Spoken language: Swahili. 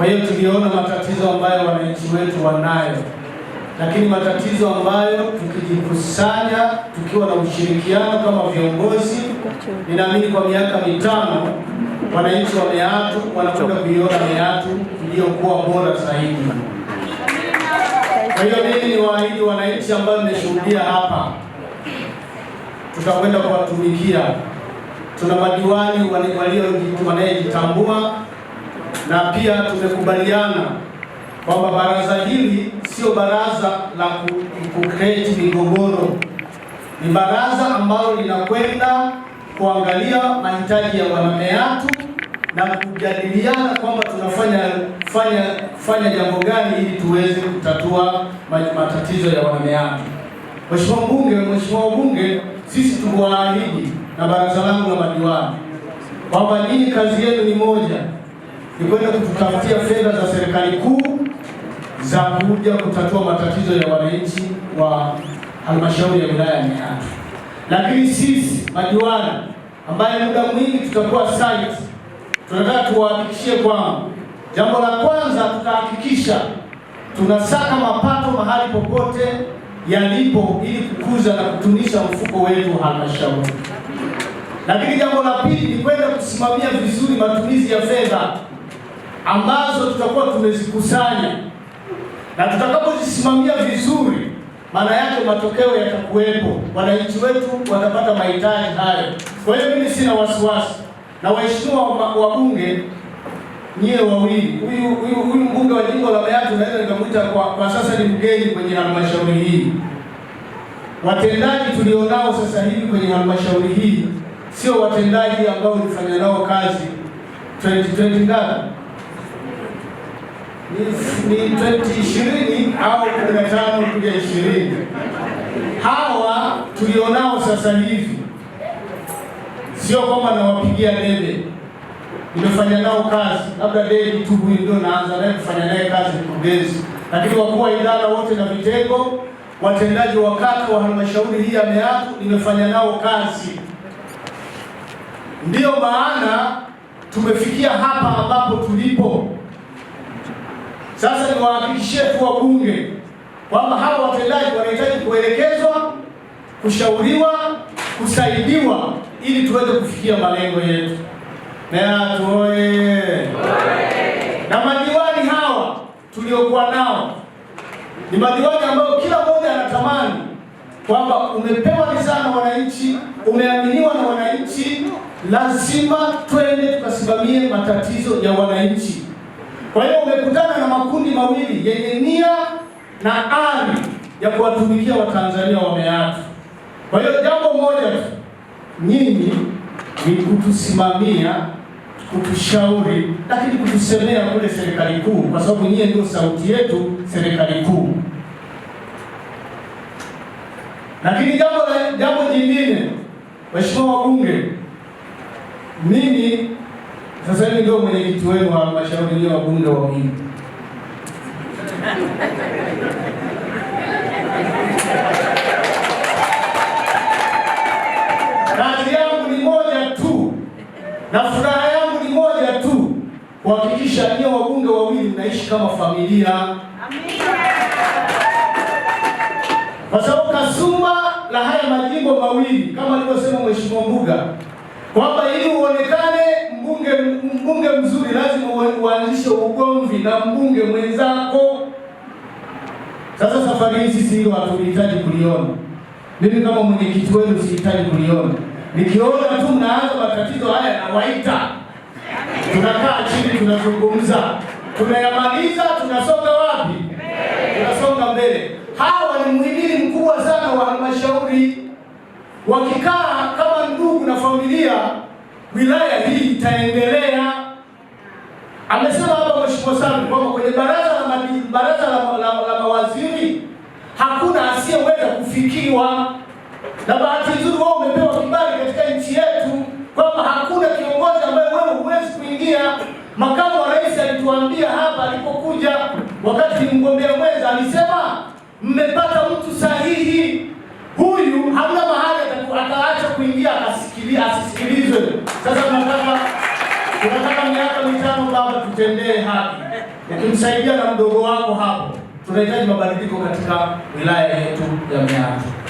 Kwa hiyo tuliona matatizo ambayo wananchi wetu wanayo, lakini matatizo ambayo tukijikusanya, tukiwa na ushirikiano kama viongozi, ninaamini kwa miaka mitano wananchi wa Meatu wanakwenda kuiona Meatu iliyokuwa bora zaidi. Kwa hiyo mimi ni waahidi wananchi ambao nimeshuhudia hapa, tutakwenda kuwatumikia. Tuna madiwani waliojitambua na pia tumekubaliana kwamba baraza hili sio baraza la kukreti migogoro, ni baraza ambalo linakwenda kuangalia mahitaji ya wanameatu na kujadiliana kwamba tunafanya fanya fanya jambo gani ili tuweze kutatua matatizo ya wanameatu. Mheshimiwa mbunge, mheshimiwa wabunge, sisi tuliwaahidi na baraza langu la madiwani kwamba nyinyi kazi yenu ni moja ni kwenda kututafutia fedha za serikali kuu za kuja kutatua matatizo ya wananchi wa halmashauri ya wilaya ya Meatu. Lakini sisi madiwani ambaye muda mwingi tutakuwa site, tunataka tuwahakikishie kwamba jambo la kwanza tutahakikisha tunasaka mapato mahali popote yalipo ili kukuza na kutunisha mfuko wetu wa halmashauri. Lakini jambo la pili ni kwenda kusimamia vizuri matumizi ya fedha ambazo tutakuwa tumezikusanya na tutakapozisimamia vizuri, maana yake matokeo yatakuwepo, wananchi wetu watapata mahitaji hayo. Kwa hiyo mimi sina wasiwasi, na waheshimiwa wabunge nyie wawili, huyu huyu huyu mbunge wa jimbo la Meatu naweza nikamwita kwa, kwa sasa ni mgeni kwenye halmashauri hii. Watendaji tulionao sasa hivi kwenye halmashauri hii sio watendaji ambao tulifanya nao kazi 2020 ngapi ni 2020 au 15 kuja 20. Hawa tulionao sasa hivi sio kwamba nawapigia debe, nimefanya nao kazi, labda David tu ndio naanza naye kufanya naye kazi mkurugenzi, lakini wakuu wa idara wote na vitengo, watendaji wa kata wa halmashauri hii ya Meatu nimefanya nao kazi, ndiyo maana tumefikia hapa ambapo tulipo. Sasa niwahakikishie tu wabunge kwamba hawa watendaji wanahitaji kuelekezwa, kushauriwa, kusaidiwa ili tuweze kufikia malengo yetu. Meatu Na madiwani hawa tuliokuwa nao ni madiwani ambayo kila mmoja anatamani kwamba umepewa ridhaa na wananchi, umeaminiwa na wananchi, lazima twende tukasimamie matatizo ya wananchi. Kwa hiyo umekutana na makundi mawili yenye nia na ari ya kuwatumikia Watanzania wameatu. Kwa hiyo jambo moja tu nyinyi ni kutusimamia, kutushauri, lakini kutusemea kule serikali kuu, kwa sababu nyinyi ndio sauti yetu serikali kuu. Lakini jambo la jambo jingine, waheshimiwa wabunge, mimi sasa hivi ndio mwenyekiti wenu wa halmashauri ya wabunge wawili kazi yangu ni moja tu na furaha yangu ni moja tu, kuhakikisha nyie wabunge wawili mnaishi kama familia, kwa sababu kasumba la haya majimbo mawili kama alivyosema mheshimiwa Mbuga kwamba ili uonekane mbunge mbunge mzuri lazima uanzishe ugomvi na mbunge mwenzako. Sasa safari hii sisi hilo hatuhitaji kuliona. Mimi kama mwenyekiti wenu sihitaji kuliona. Nikiona tu mnaanza matatizo haya nawaita, tunakaa chini, tunazungumza, tunayamaliza, tunasonga wapi? Tunasonga mbele. Hawa ni mhimili mkubwa sana wa halmashauri, wakikaa kama ndugu na familia wilaya hii itaendelea. Amesema hapa mheshimiwa Sami kwamba kwenye baraza la baraza la, la, la mawaziri hakuna asiyeweza kufikiwa, na bahati nzuri wao umepewa kibali katika nchi yetu kwamba hakuna kiongozi ambaye wewe huwezi kuingia. Makamu wa rais alituambia hapa alipokuja, wakati mgombea mwenza alisema mmepata mtu sahihi, huyu hamna mahali ataacha kuingia asisikilizwe. Sasa tunataka tunataka miaka mitano baba, tutendee haki, nikimsaidia na mdogo wako hapo. Tunahitaji mabadiliko katika wilaya yetu ya Meatu.